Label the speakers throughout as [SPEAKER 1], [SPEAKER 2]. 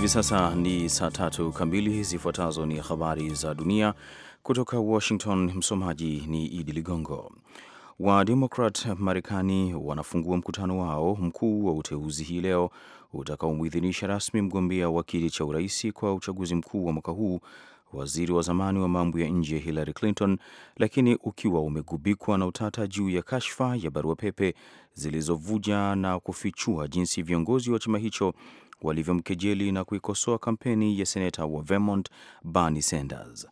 [SPEAKER 1] Hivi sasa ni saa tatu kamili. Zifuatazo ni habari za dunia kutoka Washington. Msomaji ni Idi Ligongo. Wademokrat Marekani wanafungua mkutano wao mkuu wa uteuzi hii leo utakaomwidhinisha rasmi mgombea wa kiti cha urais kwa uchaguzi mkuu wa mwaka huu, waziri wa zamani wa mambo ya nje Hillary Clinton, lakini ukiwa umegubikwa na utata juu ya kashfa ya barua pepe zilizovuja na kufichua jinsi viongozi wa chama hicho walivyomkejeli na kuikosoa kampeni ya seneta wa Vermont Bernie Sanders.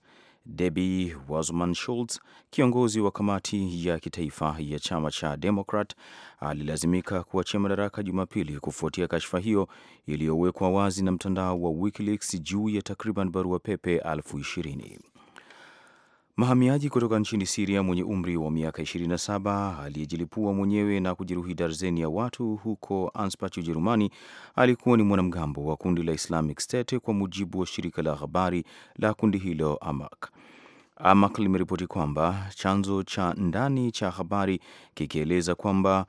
[SPEAKER 1] Debbie Wasserman Schultz, kiongozi wa kamati ya kitaifa ya chama cha Demokrat, alilazimika kuachia madaraka Jumapili kufuatia kashfa hiyo iliyowekwa wazi na mtandao wa WikiLeaks juu ya takriban barua pepe elfu ishirini. Mhamiaji kutoka nchini Siria mwenye umri wa miaka 27 aliyejilipua mwenyewe na kujeruhi darzeni ya watu huko Anspach, Ujerumani, alikuwa ni mwanamgambo wa kundi la Islamic State, kwa mujibu wa shirika la habari la kundi hilo Amak. Amak limeripoti kwamba chanzo cha ndani cha habari kikieleza kwamba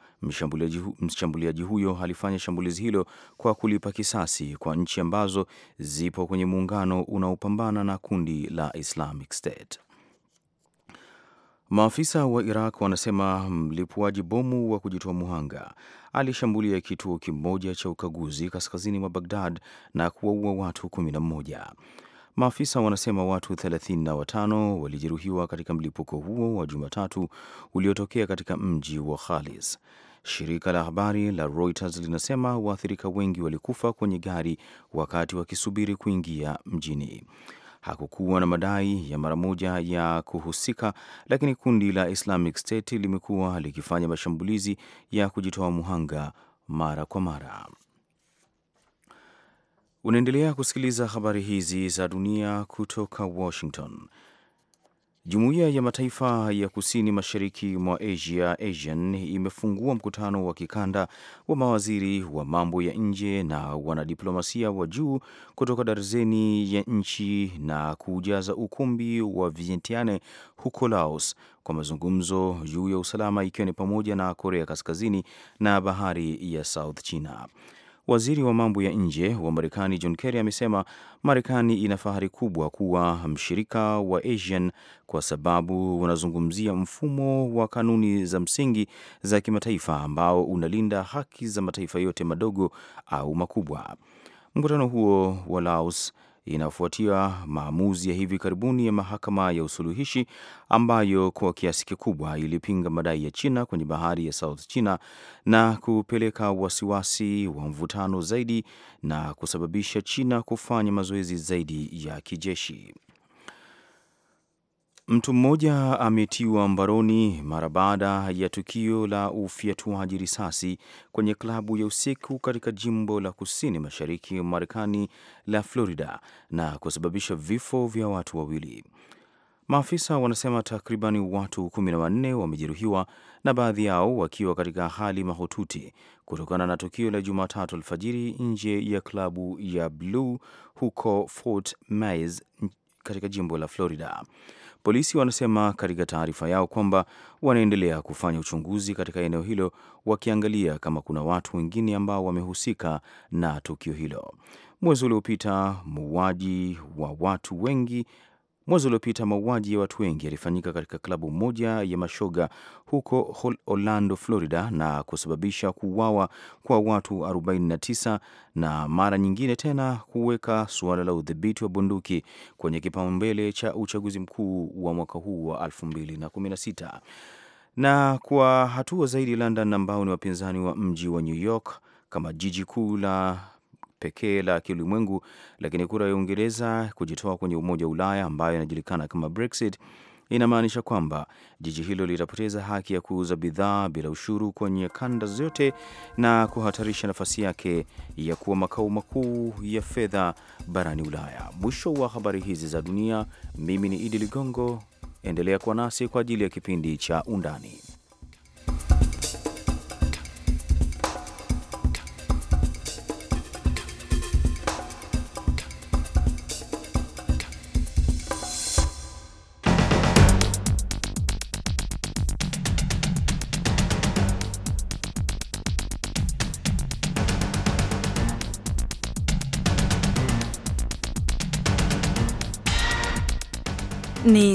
[SPEAKER 1] mshambuliaji huyo alifanya shambulizi hilo kwa kulipa kisasi kwa nchi ambazo zipo kwenye muungano unaopambana na kundi la Islamic State. Maafisa wa Iraq wanasema mlipuaji bomu wa kujitoa muhanga alishambulia kituo kimoja cha ukaguzi kaskazini mwa Bagdad na kuwaua watu 11. Maafisa wanasema watu 35 walijeruhiwa katika mlipuko huo wa Jumatatu uliotokea katika mji wa Khalis. Shirika la habari la Reuters linasema waathirika wengi walikufa kwenye gari wakati wakisubiri kuingia mjini hakukuwa na madai ya mara moja ya kuhusika, lakini kundi la Islamic State limekuwa likifanya mashambulizi ya kujitoa muhanga mara kwa mara. Unaendelea kusikiliza habari hizi za dunia kutoka Washington. Jumuiya ya Mataifa ya Kusini Mashariki mwa Asia ASEAN imefungua mkutano wa kikanda wa mawaziri wa mambo ya nje na wanadiplomasia wa juu kutoka darzeni ya nchi na kujaza ukumbi wa Vientiane huko Laos kwa mazungumzo juu ya usalama ikiwa ni pamoja na Korea Kaskazini na Bahari ya South China. Waziri wa mambo ya nje wa Marekani John Kerry amesema Marekani ina fahari kubwa kuwa mshirika wa ASEAN kwa sababu wanazungumzia mfumo wa kanuni za msingi za kimataifa ambao unalinda haki za mataifa yote madogo au makubwa. Mkutano huo wa Laos inafuatia maamuzi ya hivi karibuni ya mahakama ya usuluhishi ambayo kwa kiasi kikubwa ilipinga madai ya China kwenye bahari ya South China na kupeleka wasiwasi wa mvutano zaidi na kusababisha China kufanya mazoezi zaidi ya kijeshi. Mtu mmoja ametiwa mbaroni mara baada ya tukio la ufyatuaji risasi kwenye klabu ya usiku katika jimbo la kusini mashariki Marekani la Florida na kusababisha vifo vya watu wawili. Maafisa wanasema takribani watu kumi na wanne wamejeruhiwa na baadhi yao wakiwa katika hali mahututi kutokana na tukio la Jumatatu alfajiri nje ya klabu ya Blue huko Fort Myers katika jimbo la Florida. Polisi wanasema katika taarifa yao kwamba wanaendelea kufanya uchunguzi katika eneo hilo, wakiangalia kama kuna watu wengine ambao wamehusika na tukio hilo. Mwezi uliopita, muuaji wa watu wengi Mwezi uliopita mauaji ya watu wengi yalifanyika katika klabu moja ya mashoga huko Orlando, Florida, na kusababisha kuuawa kwa watu 49 na mara nyingine tena kuweka suala la udhibiti wa bunduki kwenye kipaumbele cha uchaguzi mkuu wa mwaka huu wa 2016 na kwa hatua zaidi London, ambao ni wapinzani wa mji wa New York kama jiji kuu la pekee la kiulimwengu, lakini kura ya Uingereza kujitoa kwenye Umoja wa Ulaya ambayo inajulikana kama Brexit inamaanisha kwamba jiji hilo litapoteza haki ya kuuza bidhaa bila ushuru kwenye kanda zote na kuhatarisha nafasi yake ya kuwa makao makuu ya fedha barani Ulaya. Mwisho wa habari hizi za dunia. Mimi ni Idi Ligongo, endelea kuwa nasi kwa ajili ya kipindi cha Undani.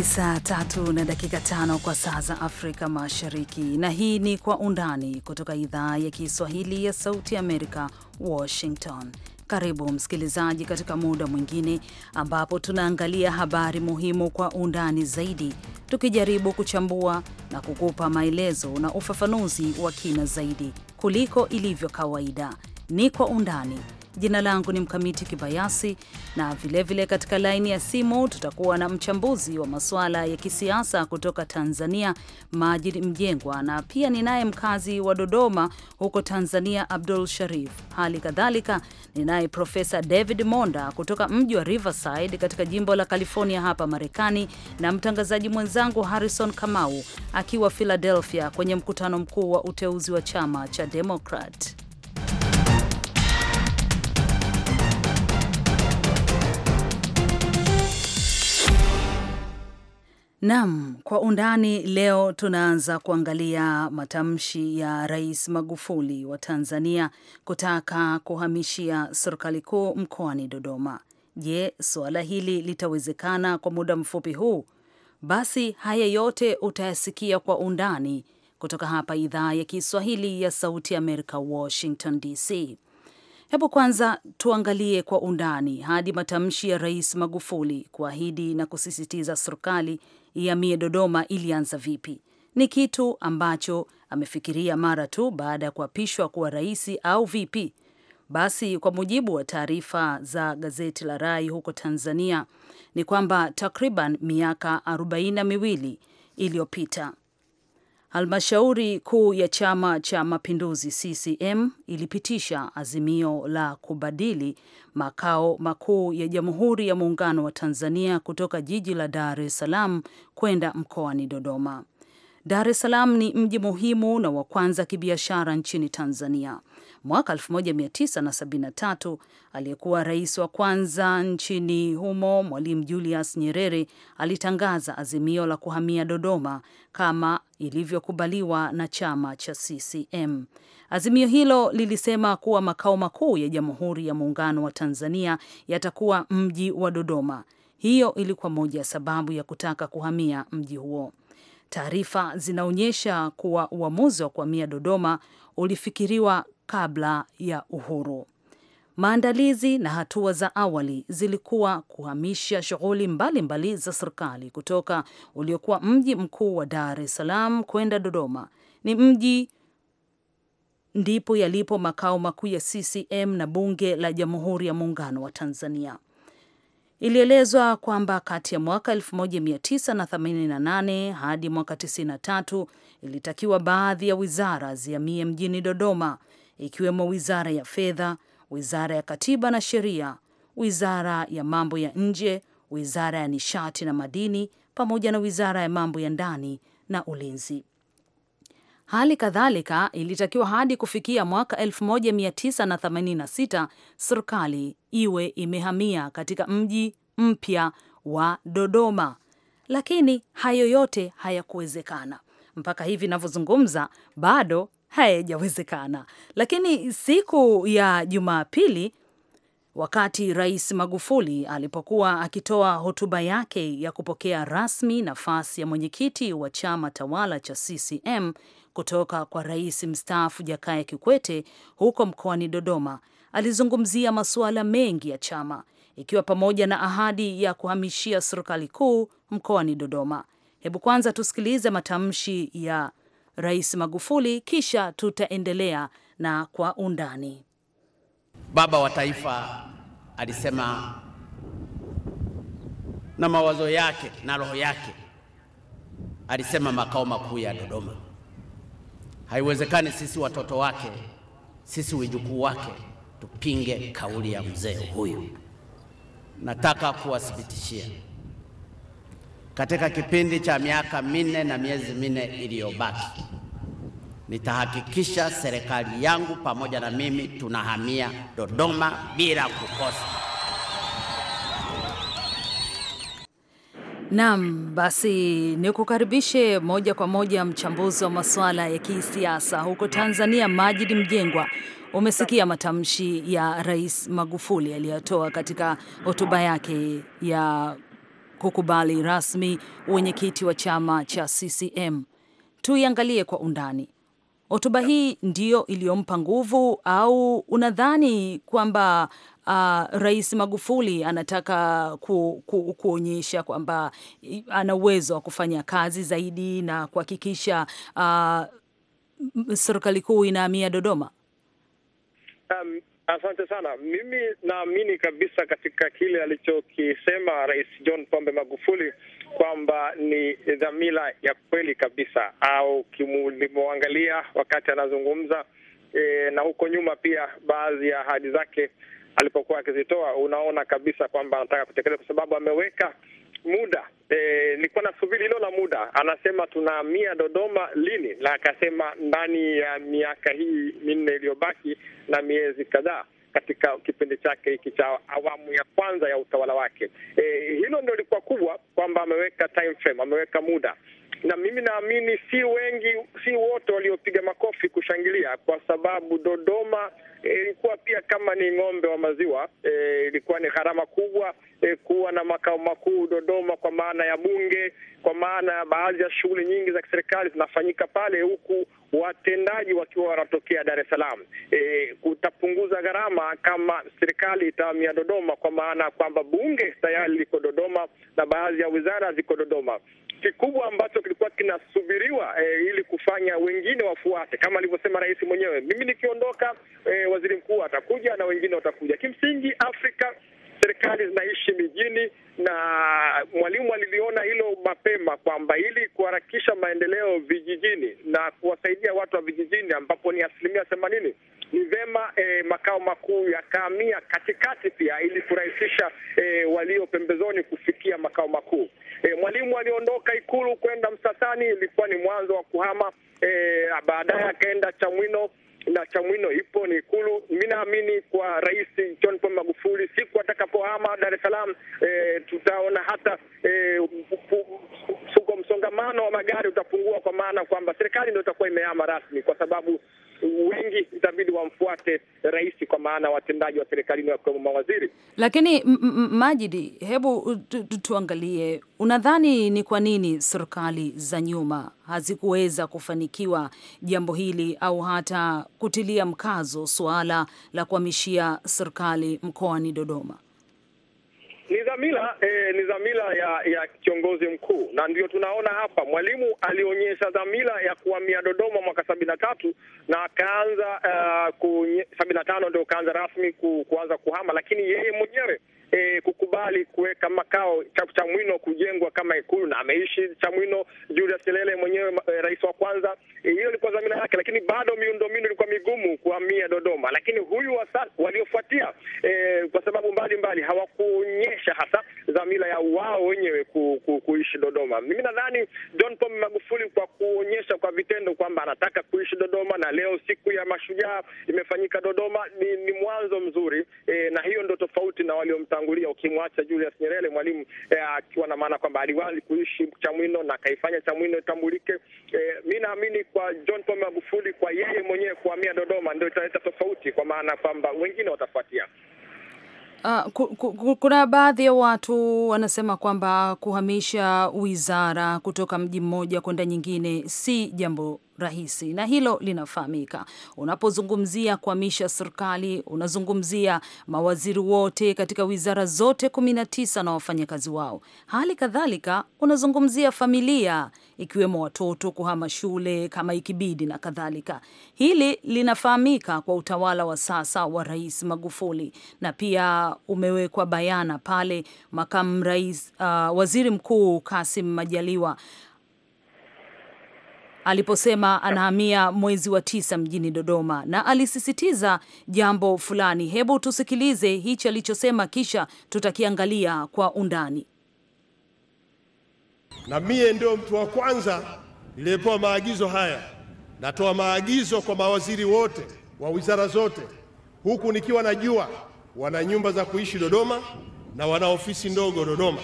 [SPEAKER 2] saa tatu na dakika tano kwa saa za Afrika Mashariki, na hii ni Kwa Undani kutoka idhaa ya Kiswahili ya Sauti Amerika, Washington. Karibu msikilizaji, katika muda mwingine ambapo tunaangalia habari muhimu kwa undani zaidi, tukijaribu kuchambua na kukupa maelezo na ufafanuzi wa kina zaidi kuliko ilivyo kawaida. Ni Kwa Undani. Jina langu ni Mkamiti Kibayasi, na vilevile vile katika laini ya simu tutakuwa na mchambuzi wa masuala ya kisiasa kutoka Tanzania, Majid Mjengwa, na pia ninaye mkazi wa Dodoma huko Tanzania, Abdul Sharif. Hali kadhalika ninaye Profesa David Monda kutoka mji wa Riverside katika jimbo la California hapa Marekani, na mtangazaji mwenzangu Harrison Kamau akiwa Philadelphia kwenye mkutano mkuu wa uteuzi wa chama cha Democrat. Naam, kwa undani leo tunaanza kuangalia matamshi ya Rais Magufuli wa Tanzania kutaka kuhamishia serikali kuu mkoani Dodoma. Je, suala hili litawezekana kwa muda mfupi huu? Basi haya yote utayasikia kwa undani kutoka hapa idhaa ya Kiswahili ya Sauti ya Amerika, Washington DC. Hebu kwanza tuangalie kwa undani hadi matamshi ya Rais Magufuli kuahidi na kusisitiza serikali ya Mie Dodoma ilianza vipi? Ni kitu ambacho amefikiria mara tu baada ya kuapishwa kuwa rais au vipi? Basi, kwa mujibu wa taarifa za gazeti la Rai huko Tanzania ni kwamba takriban miaka arobaini na miwili iliyopita Halmashauri kuu ya Chama cha Mapinduzi CCM ilipitisha azimio la kubadili makao makuu ya Jamhuri ya Muungano wa Tanzania kutoka jiji la Dar es Salaam kwenda mkoani Dodoma. Dar es Salaam ni mji muhimu na wa kwanza kibiashara nchini Tanzania mwaka 1973 aliyekuwa rais wa kwanza nchini humo Mwalimu Julius Nyerere alitangaza azimio la kuhamia Dodoma kama ilivyokubaliwa na chama cha CCM. Azimio hilo lilisema kuwa makao makuu ya Jamhuri ya Muungano wa Tanzania yatakuwa mji wa Dodoma. Hiyo ilikuwa moja ya sababu ya kutaka kuhamia mji huo. Taarifa zinaonyesha kuwa uamuzi wa kuhamia Dodoma ulifikiriwa kabla ya uhuru. Maandalizi na hatua za awali zilikuwa kuhamisha shughuli mbalimbali za serikali kutoka uliokuwa mji mkuu wa Dar es Salaam kwenda Dodoma. Ni mji ndipo yalipo makao makuu ya CCM na Bunge la Jamhuri ya Muungano wa Tanzania. Ilielezwa kwamba kati ya mwaka 1988 hadi mwaka 93 ilitakiwa baadhi ya wizara zihamie mjini Dodoma, ikiwemo wizara ya fedha, wizara ya katiba na sheria, wizara ya mambo ya nje, wizara ya nishati na madini, pamoja na wizara ya mambo ya ndani na ulinzi. Hali kadhalika ilitakiwa hadi kufikia mwaka 1986 serikali iwe imehamia katika mji mpya wa Dodoma, lakini hayo yote hayakuwezekana. Mpaka hivi navyozungumza bado hayajawezekana. Lakini siku ya Jumapili, wakati Rais Magufuli alipokuwa akitoa hotuba yake ya kupokea rasmi nafasi ya mwenyekiti wa chama tawala cha CCM kutoka kwa rais mstaafu Jakaya Kikwete huko mkoani Dodoma, alizungumzia masuala mengi ya chama ikiwa pamoja na ahadi ya kuhamishia serikali kuu mkoani Dodoma. Hebu kwanza tusikilize matamshi ya Rais Magufuli, kisha tutaendelea na kwa undani.
[SPEAKER 1] Baba wa Taifa alisema na mawazo yake na roho yake, alisema makao makuu ya Dodoma. Haiwezekani sisi watoto wake, sisi wijukuu wake tupinge kauli ya mzee huyu. Nataka kuwathibitishia katika kipindi cha miaka minne na miezi minne iliyobaki, nitahakikisha serikali yangu pamoja na mimi tunahamia Dodoma
[SPEAKER 2] bila kukosa. Naam, basi ni kukaribishe moja kwa moja mchambuzi wa masuala ya kisiasa huko Tanzania, Majid Mjengwa. Umesikia matamshi ya Rais Magufuli aliyotoa katika hotuba yake ya kukubali rasmi wenyekiti wa chama cha CCM. Tuiangalie kwa undani hotuba hii, ndiyo iliyompa nguvu au unadhani kwamba uh, Rais Magufuli anataka ku, ku, kuonyesha kwamba ana uwezo wa kufanya kazi zaidi na kuhakikisha uh, serikali kuu inahamia Dodoma?
[SPEAKER 3] um, Asante sana. Mimi naamini kabisa katika kile alichokisema Rais John Pombe Magufuli kwamba ni dhamira ya kweli kabisa, au kilimwangalia wakati anazungumza e, na huko nyuma pia baadhi ya ahadi zake alipokuwa akizitoa, unaona kabisa kwamba anataka kutekeleza kwa sababu ameweka muda e, nilikuwa na nasubiri hilo la muda. Anasema tunahamia Dodoma lini, na akasema ndani ya miaka hii minne iliyobaki na miezi kadhaa katika kipindi chake hiki cha awamu ya kwanza ya utawala wake. E, hilo ndio lilikuwa kubwa kwamba ameweka time frame, ameweka muda na mimi naamini si wengi, si wote waliopiga makofi kushangilia, kwa sababu Dodoma ilikuwa pia kama ni ng'ombe wa maziwa e, ilikuwa ni gharama kubwa e, kuwa na makao makuu Dodoma kwa maana ya Bunge, kwa maana ya baadhi ya shughuli nyingi za kiserikali zinafanyika pale, huku watendaji wakiwa wanatokea Dar es Salaam. E, kutapunguza gharama kama serikali itahamia Dodoma, kwa maana ya kwamba Bunge tayari liko Dodoma na baadhi ya wizara ziko Dodoma kikubwa ambacho kilikuwa kinasubiriwa e, ili kufanya wengine wafuate, kama alivyosema rais mwenyewe, mimi nikiondoka e, waziri mkuu atakuja na wengine watakuja. Kimsingi Afrika serikali zinaishi mijini, na Mwalimu aliliona hilo mapema kwamba ili kuharakisha maendeleo vijijini na kuwasaidia watu wa vijijini ambapo ni asilimia themanini, ni vema eh, makao makuu yakahamia katikati pia ili kurahisisha eh, walio pembezoni kufikia makao makuu. Eh, Mwalimu aliondoka Ikulu kwenda Msasani, ilikuwa ni mwanzo wa kuhama eh, baadaye akaenda Chamwino na Chamwino ipo ni Ikulu. Mi naamini kwa Rais John Pombe Magufuli siku atakapohama Dar es Salaam, e, tutaona hata e, kwa msongamano wa magari utapungua, kwa maana kwamba serikali ndio itakuwa imeama rasmi, kwa sababu wengi itabidi wamfuate rais, kwa maana watendaji wa serikalini wakiwemo mawaziri.
[SPEAKER 2] Lakini Majidi, hebu tuangalie, unadhani ni kwa nini serikali za nyuma hazikuweza kufanikiwa jambo hili au hata kutilia mkazo suala la kuhamishia serikali mkoani Dodoma?
[SPEAKER 3] ni dhamira eh, ni dhamira ya ya kiongozi mkuu, na ndio tunaona hapa Mwalimu alionyesha dhamira ya kuhamia Dodoma mwaka sabini na tatu na akaanza uh, sabini na tano ndio kaanza rasmi ku, kuanza kuhama, lakini yeye mwenyewe e, kukubali kuweka makao Chamwino kujengwa kama Ikulu, na ameishi Chamwino Julius Nyerere mwenyewe e, rais wa kwanza. E, hiyo e, ilikuwa dhamira yake, lakini bado miundombinu ilikuwa migumu kuhamia Dodoma. Lakini huyu wa sasa waliofuatia e, kwa sababu mbalimbali hawakuonyesha hasa dhamira ya wao wenyewe ku, ku, kuishi Dodoma. Mimi nadhani John Pombe Magufuli kwa kuonyesha kwa vitendo kwamba anataka kuishi Dodoma na leo siku ya mashujaa imefanyika Dodoma ni, ni mwanzo mzuri e, na hiyo ndo tofauti na waliomtangulia, ukimwacha Julius Nyerere mwalimu e, akiwa na maana kwamba aliwahi kuishi Chamwino na akaifanya Chamwino itambulike. E, mi naamini kwa John Pombe Magufuli kwa yeye mwenyewe kuhamia Dodoma ndio italeta tofauti, kwa maana kwamba wengine watafuatia.
[SPEAKER 2] Uh, kuna baadhi ya watu wanasema kwamba kuhamisha wizara kutoka mji mmoja kwenda nyingine si jambo rahisi, na hilo linafahamika. Unapozungumzia kuhamisha serikali, unazungumzia mawaziri wote katika wizara zote kumi na tisa na wafanyakazi wao. Hali kadhalika unazungumzia familia ikiwemo watoto kuhama shule kama ikibidi na kadhalika. Hili linafahamika kwa utawala wa sasa wa Rais Magufuli, na pia umewekwa bayana pale makamu rais, uh, waziri mkuu Kasim Majaliwa aliposema anahamia mwezi wa tisa mjini Dodoma, na alisisitiza jambo fulani. Hebu tusikilize hichi alichosema, kisha tutakiangalia kwa undani.
[SPEAKER 4] Na mie ndio mtu wa kwanza niliyepewa maagizo haya. Natoa maagizo kwa mawaziri wote wa wizara zote, huku nikiwa najua wana nyumba za kuishi Dodoma na wana ofisi ndogo Dodoma,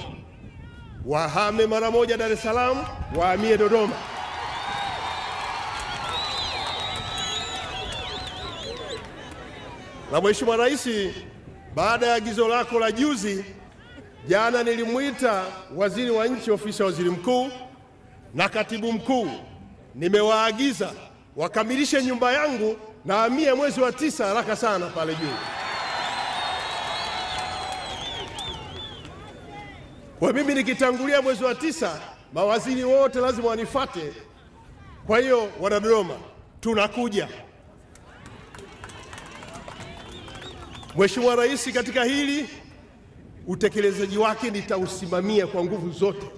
[SPEAKER 4] wahame mara moja Dar es Salaam, wahamie Dodoma. la Mheshimiwa Rais, baada ya agizo lako la juzi, jana nilimwita waziri wa nchi ofisi ya waziri mkuu na katibu mkuu, nimewaagiza wakamilishe nyumba yangu na amie mwezi wa tisa haraka sana pale juu. Kwa mimi nikitangulia mwezi wa tisa, mawaziri wote lazima wanifate. Kwa hiyo, wanadodoma tunakuja. Mheshimiwa Rais, katika hili utekelezaji wake nitausimamia kwa nguvu zote.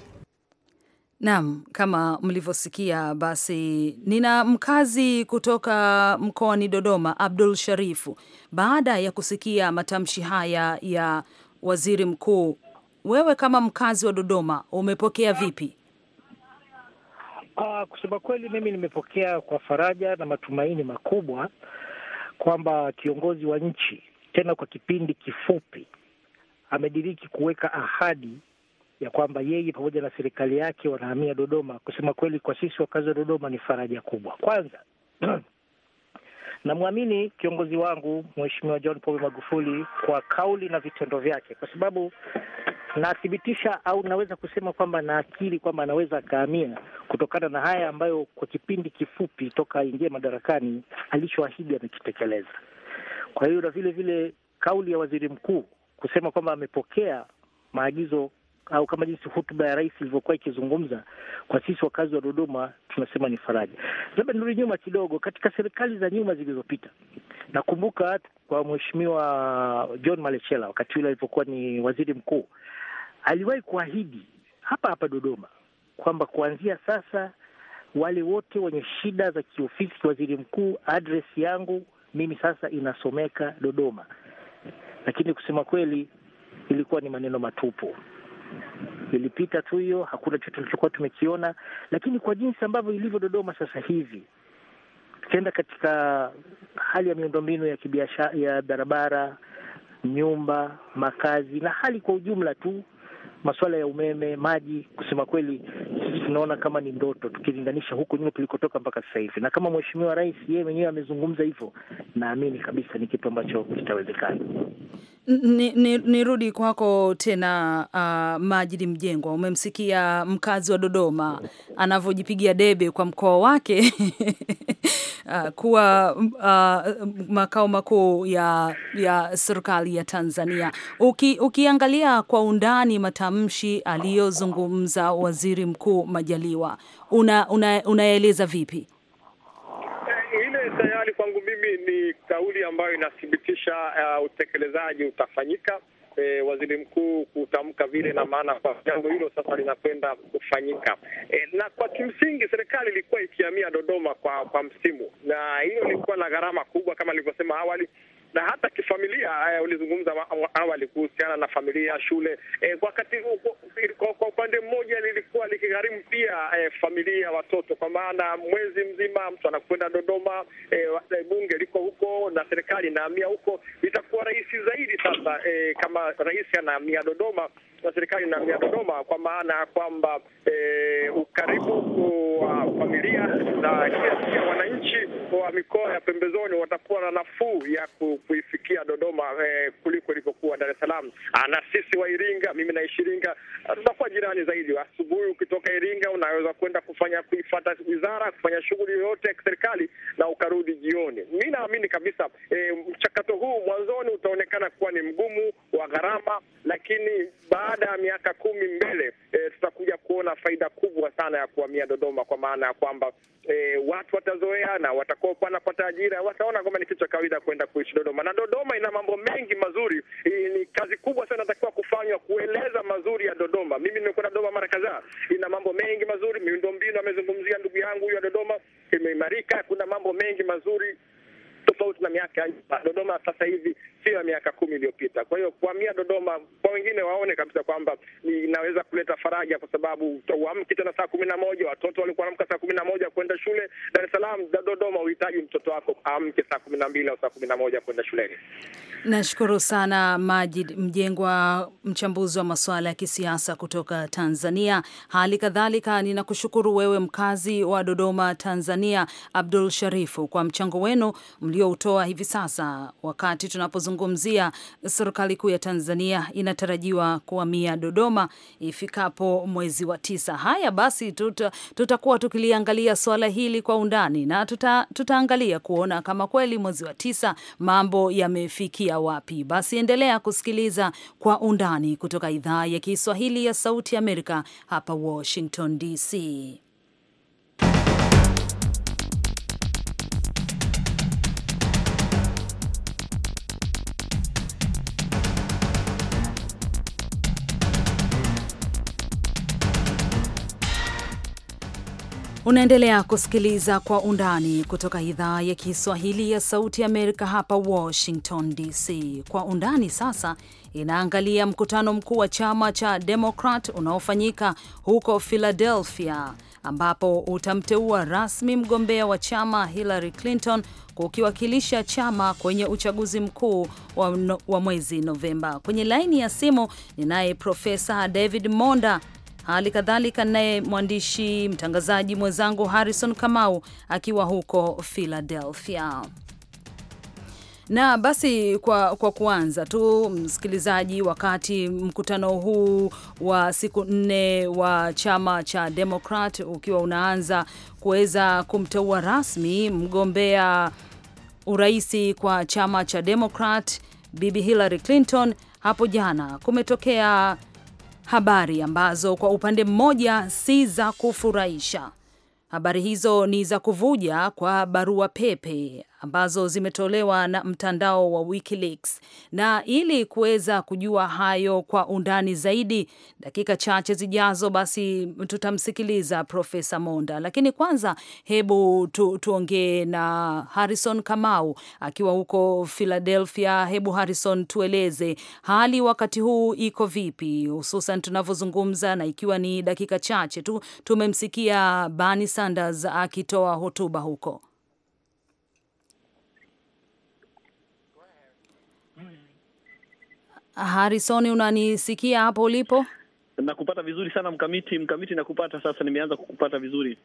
[SPEAKER 2] Naam, kama mlivyosikia, basi nina mkazi kutoka mkoani Dodoma, Abdul Sharifu. Baada ya kusikia matamshi haya ya waziri mkuu, wewe kama mkazi wa Dodoma umepokea vipi?
[SPEAKER 5] Uh, kusema kweli mimi nimepokea kwa faraja na matumaini makubwa kwamba kiongozi wa nchi tena kwa kipindi kifupi, amediriki kuweka ahadi ya kwamba yeye pamoja na serikali yake wanahamia Dodoma. Kusema kweli, kwa sisi wakazi wa Dodoma ni faraja kubwa. Kwanza namwamini kiongozi wangu Mheshimiwa John Pombe Magufuli kwa kauli na vitendo vyake, kwa sababu nathibitisha au naweza kusema kwamba naakili kwamba anaweza akahamia kutokana na haya ambayo kwa kipindi kifupi toka aingie madarakani alichoahidi amekitekeleza. Kwa hiyo na vile vile kauli ya waziri mkuu kusema kwamba amepokea maagizo au kama jinsi hotuba ya rais ilivyokuwa ikizungumza, kwa sisi wakazi wa Dodoma tunasema ni faraja. Labda nirudi nyuma kidogo, katika serikali za nyuma zilizopita, nakumbuka kwa mheshimiwa John Malechela wakati ule alipokuwa ni waziri mkuu, aliwahi kuahidi hapa hapa Dodoma kwamba kuanzia sasa wale wote wenye shida za kiofisi, waziri mkuu, adresi yangu mimi sasa inasomeka Dodoma, lakini kusema kweli ilikuwa ni maneno matupu. Ilipita tu hiyo, hakuna chote tulichokuwa tumekiona. Lakini kwa jinsi ambavyo ilivyo Dodoma sasa hivi, tukienda katika hali ya miundombinu ya kibiashara, ya barabara, nyumba, makazi na hali kwa ujumla tu, masuala ya umeme, maji, kusema kweli tunaona kama ni ndoto tukilinganisha huku nyuma tulikotoka mpaka sasa hivi, na kama mheshimiwa rais yeye mwenyewe amezungumza hivyo, naamini kabisa ni kitu ambacho kitawezekana.
[SPEAKER 2] Nirudi kwako tena, uh, Majidi Mjengwa, umemsikia mkazi wa Dodoma anavyojipigia debe kwa mkoa wake uh, kuwa uh, makao makuu ya, ya serikali ya Tanzania. Uki, ukiangalia kwa undani matamshi aliyozungumza Waziri Mkuu Majaliwa, unaeleza una, unaeleza vipi?
[SPEAKER 3] Eh, tayari kwangu mimi ni kauli ambayo inathibitisha uh, utekelezaji utafanyika e, waziri mkuu kutamka vile, na maana kwa jambo hilo sasa linakwenda kufanyika e, na kwa kimsingi serikali ilikuwa ikihamia Dodoma kwa kwa msimu, na hilo lilikuwa na gharama kubwa kama nilivyosema awali na hata kifamilia. Uh, ulizungumza awali kuhusiana na familia, shule. Eh, wakati kwa upande mmoja lilikuwa likigharimu pia eh, familia, watoto, kwa maana mwezi mzima mtu anakwenda Dodoma, eh, bunge liko huko na serikali inahamia huko. Itakuwa rahisi zaidi sasa, eh, kama rais anahamia Dodoma na serikali inahamia Dodoma, kwa maana ya kwamba eh, ukaribu wa familia na pia wananchi wa mikoa ya pembezoni watakuwa na nafuu ya kuifikia Dodoma eh, kuliko ilivyokuwa Dar es Salaam. Ah, na sisi wa Iringa, mimi naishi Iringa, ah, tutakuwa jirani zaidi. Asubuhi ukitoka Iringa unaweza kwenda kufanya kuifata wizara kufanya shughuli yoyote ya kiserikali na ukarudi jioni. Mi naamini kabisa eh, mchakato huu mwanzoni utaonekana kuwa ni mgumu wa gharama, lakini baada ya miaka kumi mbele eh, tutakuja kuona faida kubwa sana ya kuhamia Dodoma, kwa maana ya kwamba eh, watu watazoea na wataku wanapata ajira, wataona kwamba ni kitu cha kawaida kwenda kuishi Dodoma. Na Dodoma ina mambo mengi mazuri, ni kazi kubwa sana inatakiwa kufanywa kueleza mazuri ya Dodoma. Mimi nimekwenda Dodoma mara kadhaa, ina mambo mengi mazuri. Miundombinu amezungumzia ndugu yangu huyu ya Dodoma imeimarika, kuna mambo mengi mazuri tofauti na miaka Dodoma sasa hivi sio ya miaka kumi iliyopita. Kwa hiyo kuhamia Dodoma kwa wengine waone kabisa kwamba inaweza kuleta faraja, kwa sababu uamki tena saa kumi na moja. Watoto walikuwa wanamka saa kumi na moja kwenda shule Dar es Salaam, Dodoma uhitaji mtoto wako amke saa kumi na mbili au saa kumi na moja kwenda shuleni.
[SPEAKER 2] Nashukuru sana Majid Mjengwa, mchambuzi wa masuala ya kisiasa kutoka Tanzania. Hali kadhalika ninakushukuru wewe mkazi wa Dodoma, Tanzania, Abdul Sharifu kwa mchango wenu mlio uliotoa hivi sasa, wakati tunapozungumzia serikali kuu ya Tanzania inatarajiwa kuhamia Dodoma ifikapo mwezi wa tisa. Haya basi, tuta, tutakuwa tukiliangalia suala hili kwa undani na tuta, tutaangalia kuona kama kweli mwezi wa tisa mambo yamefikia wapi. Basi endelea kusikiliza kwa undani kutoka idhaa ya Kiswahili ya Sauti ya Amerika hapa Washington DC. Unaendelea kusikiliza Kwa Undani kutoka idhaa ya Kiswahili ya Sauti ya Amerika, hapa Washington DC. Kwa Undani sasa inaangalia mkutano mkuu wa chama cha Demokrat unaofanyika huko Philadelphia, ambapo utamteua rasmi mgombea wa chama Hillary Clinton kukiwakilisha chama kwenye uchaguzi mkuu wa, no, wa mwezi Novemba. Kwenye laini ya simu ninaye Profesa David Monda Hali kadhalika naye mwandishi mtangazaji mwenzangu Harrison Kamau akiwa huko Philadelphia. Na basi kwa, kwa kuanza tu msikilizaji, wakati mkutano huu wa siku nne wa chama cha demokrat ukiwa unaanza kuweza kumteua rasmi mgombea uraisi kwa chama cha demokrat Bibi Hillary Clinton, hapo jana kumetokea habari ambazo kwa upande mmoja si za kufurahisha. Habari hizo ni za kuvuja kwa barua pepe ambazo zimetolewa na mtandao wa WikiLeaks. Na ili kuweza kujua hayo kwa undani zaidi, dakika chache zijazo, basi tutamsikiliza Profesa Monda, lakini kwanza hebu tu, tuongee na Harrison Kamau akiwa huko Philadelphia. Hebu Harrison, tueleze hali wakati huu iko vipi, hususan tunavyozungumza na ikiwa ni dakika chache tu tumemsikia Bernie Sanders akitoa hotuba huko. Harrison, unanisikia hapo ulipo?
[SPEAKER 6] Nakupata vizuri sana mkamiti, mkamiti nakupata sasa, nimeanza kukupata vizuri.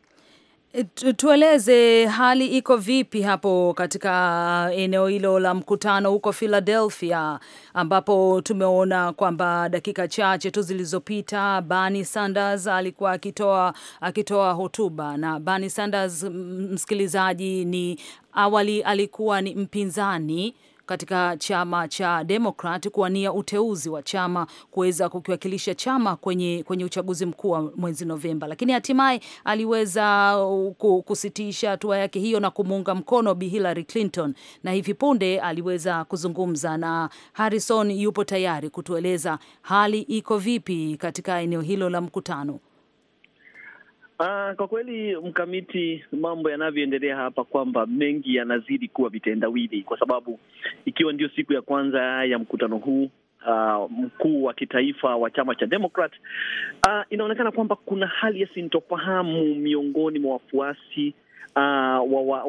[SPEAKER 2] Eh, tueleze hali iko vipi hapo katika eneo hilo la mkutano huko Philadelphia, ambapo tumeona kwamba dakika chache tu zilizopita Bernie Sanders alikuwa akitoa akitoa hotuba. Na Bernie Sanders, msikilizaji, ni awali alikuwa ni mpinzani katika chama cha demokrat kuwania uteuzi wa chama kuweza kukiwakilisha chama kwenye, kwenye uchaguzi mkuu wa mwezi Novemba, lakini hatimaye aliweza uh, kusitisha hatua yake hiyo na kumuunga mkono Bi Hillary Clinton, na hivi punde aliweza kuzungumza na Harrison. Yupo tayari kutueleza hali iko vipi katika eneo hilo la mkutano.
[SPEAKER 6] Uh, kwa kweli mkamiti, mambo yanavyoendelea hapa kwamba mengi yanazidi kuwa vitendawili, kwa sababu ikiwa ndio siku ya kwanza ya mkutano huu uh, mkuu wa kitaifa wa chama cha Democrat, uh, inaonekana kwamba kuna hali ya sintofahamu miongoni mwa wafuasi uh,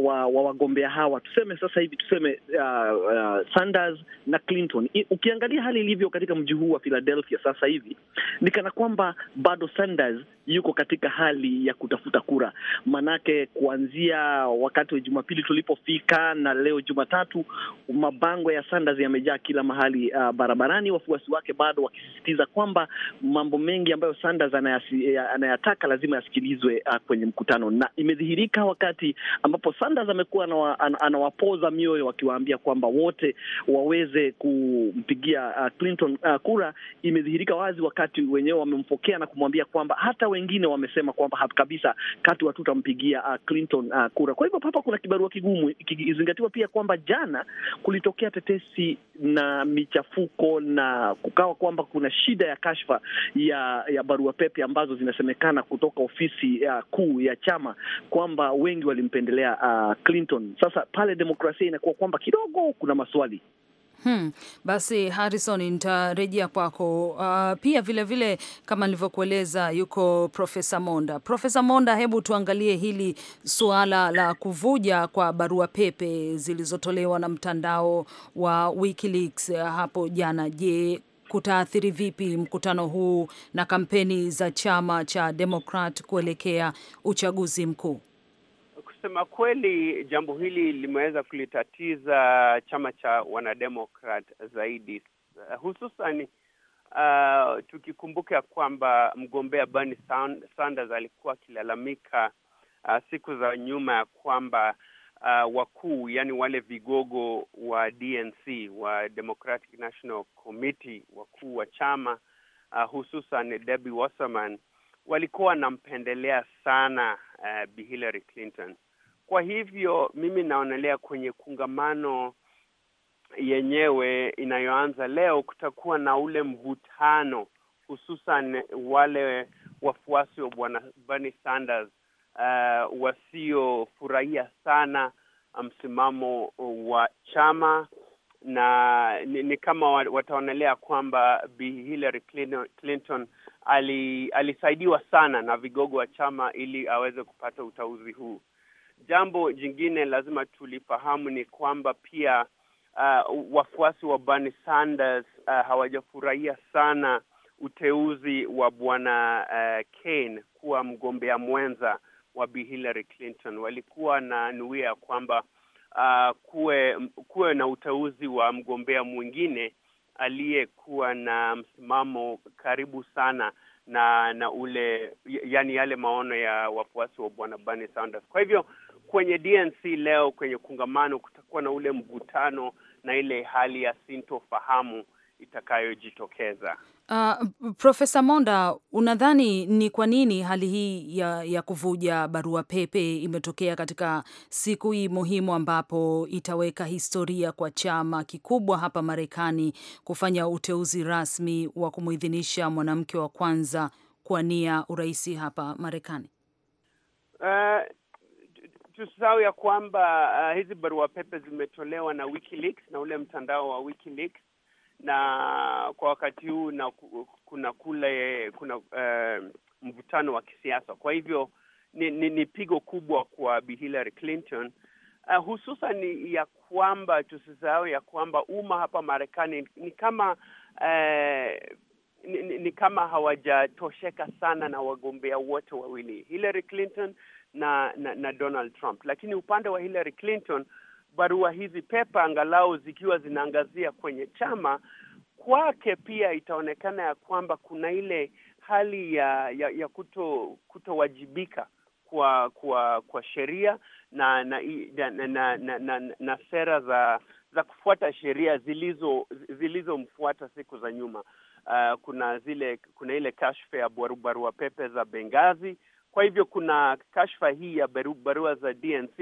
[SPEAKER 6] wa wagombea wa, wa hawa tuseme sasa hivi tuseme uh, uh, Sanders na Clinton. I, ukiangalia hali ilivyo katika mji huu wa Philadelphia sasa hivi ni kana kwamba bado Sanders yuko katika hali ya kutafuta kura, manake kuanzia wakati wa Jumapili tulipofika na leo Jumatatu, mabango ya Sanders yamejaa kila mahali uh, barabarani, wafuasi wake bado wakisisitiza kwamba mambo mengi ambayo Sanders anayasi, anayataka lazima yasikilizwe uh, kwenye mkutano, na imedhihirika wakati ambapo Sanders amekuwa anawa, anawapoza mioyo wakiwaambia kwamba wote waweze kumpigia uh, Clinton uh, kura. Imedhihirika wazi wakati wenyewe wamempokea na kumwambia kwamba hata we wengine wamesema kwamba kabisa katu tutampigia uh, Clinton uh, kura. Kwa hivyo hapa kuna kibarua kigumu, ikizingatiwa pia kwamba jana kulitokea tetesi na michafuko na kukawa kwamba kuna shida ya kashfa ya ya barua pepe ambazo zinasemekana kutoka ofisi uh, kuu ya chama kwamba wengi walimpendelea uh, Clinton. Sasa pale demokrasia inakuwa kwamba kidogo kuna maswali
[SPEAKER 2] Hmm. Basi Harrison, nitarejea kwako. Uh, pia vilevile vile, kama nilivyokueleza yuko Profesa Monda. Profesa Monda, hebu tuangalie hili suala la kuvuja kwa barua pepe zilizotolewa na mtandao wa WikiLeaks ah, hapo jana. Je, kutaathiri vipi mkutano huu na kampeni za chama cha Democrat kuelekea uchaguzi mkuu?
[SPEAKER 7] kusema kweli, jambo hili limeweza kulitatiza chama cha wanademokrat zaidi, uh, hususan uh, tukikumbuka kwamba mgombea Bernie Sanders alikuwa akilalamika uh, siku za nyuma ya kwamba uh, wakuu, yani wale vigogo wa DNC wa Democratic National Committee, wakuu wa chama uh, hususan Debbie Wasserman walikuwa wanampendelea sana uh, Bi Hillary Clinton kwa hivyo mimi naonelea kwenye kungamano yenyewe inayoanza leo kutakuwa na ule mvutano, hususan wale wafuasi wa bwana Bernie Sanders uh, wasiofurahia sana uh, msimamo wa chama na ni, ni kama wataonelea kwamba Bi Hillary Clinton ali, alisaidiwa sana na vigogo wa chama ili aweze kupata uteuzi huu. Jambo jingine lazima tulifahamu ni kwamba pia uh, wafuasi wa Bernie Sanders uh, hawajafurahia sana uteuzi wa bwana uh, Kane kuwa mgombea mwenza wa Bi Hillary Clinton. Walikuwa na nuia ya kwamba uh, kuwe kuwe na uteuzi wa mgombea mwingine aliyekuwa na msimamo karibu sana na na ule, yani yale maono ya wafuasi wa bwana Bernie Sanders. Kwa hivyo kwenye DNC leo kwenye kongamano kutakuwa na ule mvutano na ile hali ya sintofahamu itakayojitokeza.
[SPEAKER 2] Uh, Profesa Monda, unadhani ni kwa nini hali hii ya, ya kuvuja barua pepe imetokea katika siku hii muhimu ambapo itaweka historia kwa chama kikubwa hapa Marekani kufanya uteuzi rasmi wa kumuidhinisha mwanamke wa kwanza kuwania urais hapa Marekani?
[SPEAKER 7] Uh, tusisahau ya kwamba uh, hizi barua pepe zimetolewa na WikiLeaks na ule mtandao wa WikiLeaks, na kwa wakati huu na kuna kule kuna uh, mvutano wa kisiasa. Kwa hivyo ni, ni, ni pigo kubwa kwa Bi Hillary Clinton uh, hususan ya kwamba tusisahau ya kwamba umma hapa Marekani ni kama uh, ni, ni, ni kama hawajatosheka sana na wagombea wote wawili Hillary Clinton na, na na Donald Trump. Lakini upande wa Hillary Clinton, barua hizi pepa angalau zikiwa zinaangazia kwenye chama kwake, pia itaonekana ya kwamba kuna ile hali ya ya, ya kuto kutowajibika kwa kwa kwa sheria na na na, na, na, na, na sera za za kufuata sheria zilizo zilizomfuata siku za nyuma. Uh, kuna zile kuna ile kashfa ya barua pepe za bengazi kwa hivyo kuna kashfa hii ya barua, barua za DNC,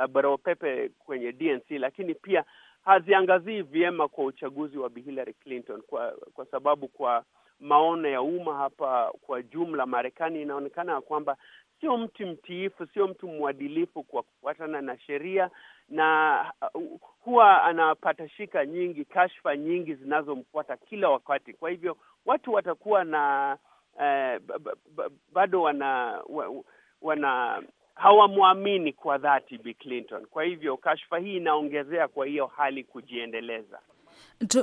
[SPEAKER 7] eh, barua pepe kwenye DNC, lakini pia haziangazii vyema kwa uchaguzi wa Hillary Clinton kwa, kwa sababu kwa maono ya umma hapa kwa jumla Marekani inaonekana ya kwamba sio mtu mtiifu, sio mtu mwadilifu kwa kufuatana na sheria, na uh, huwa anapata shika nyingi, kashfa nyingi zinazomfuata kila wakati. Kwa hivyo watu watakuwa na eh, bado wana, wana hawamwamini kwa dhati Bi Clinton. Kwa hivyo kashfa hii inaongezea kwa hiyo hali kujiendeleza.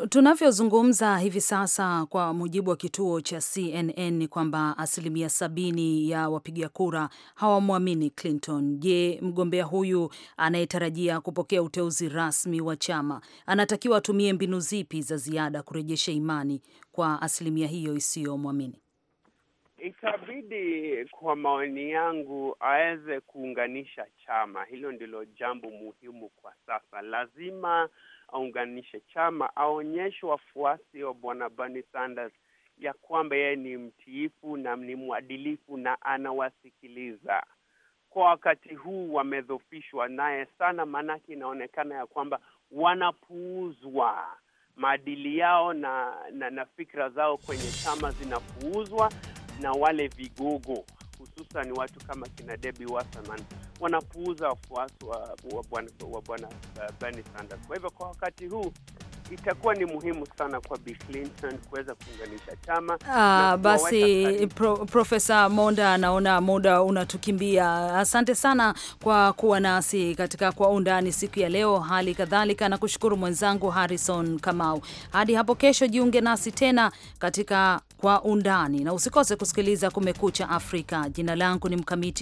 [SPEAKER 2] Tunavyozungumza hivi sasa, kwa mujibu wa kituo cha CNN ni kwamba asilimia sabini ya wapiga kura hawamwamini Clinton. Je, mgombea huyu anayetarajia kupokea uteuzi rasmi wa chama anatakiwa atumie mbinu zipi za ziada kurejesha imani kwa asilimia hiyo isiyomwamini?
[SPEAKER 7] Itabidi kwa maoni yangu aweze kuunganisha chama. Hilo ndilo jambo muhimu kwa sasa. Lazima aunganishe chama, aonyeshe wafuasi wa bwana Bernie Sanders ya kwamba yeye ni mtiifu na ni mwadilifu na anawasikiliza. Kwa wakati huu wamedhofishwa naye sana, maanake inaonekana ya kwamba wanapuuzwa maadili yao na, na, na fikra zao kwenye chama zinapuuzwa na wale vigogo hususan watu kama kina Debi Wasserman wanapuuza wafuasi wa, wa bwana uh, Bernie Sanders. Kwa hivyo kwa wakati huu itakuwa ni muhimu sana kwa Bi Clinton kuweza kuunganisha
[SPEAKER 2] chama. Ah, basi pro, Profesa Monda, anaona muda unatukimbia. Asante sana kwa kuwa nasi katika kwa undani siku ya leo. Hali kadhalika na kushukuru mwenzangu Harrison Kamau. Hadi hapo kesho, jiunge nasi tena katika kwa undani, na usikose kusikiliza Kumekucha Afrika. Jina langu ni Mkamiti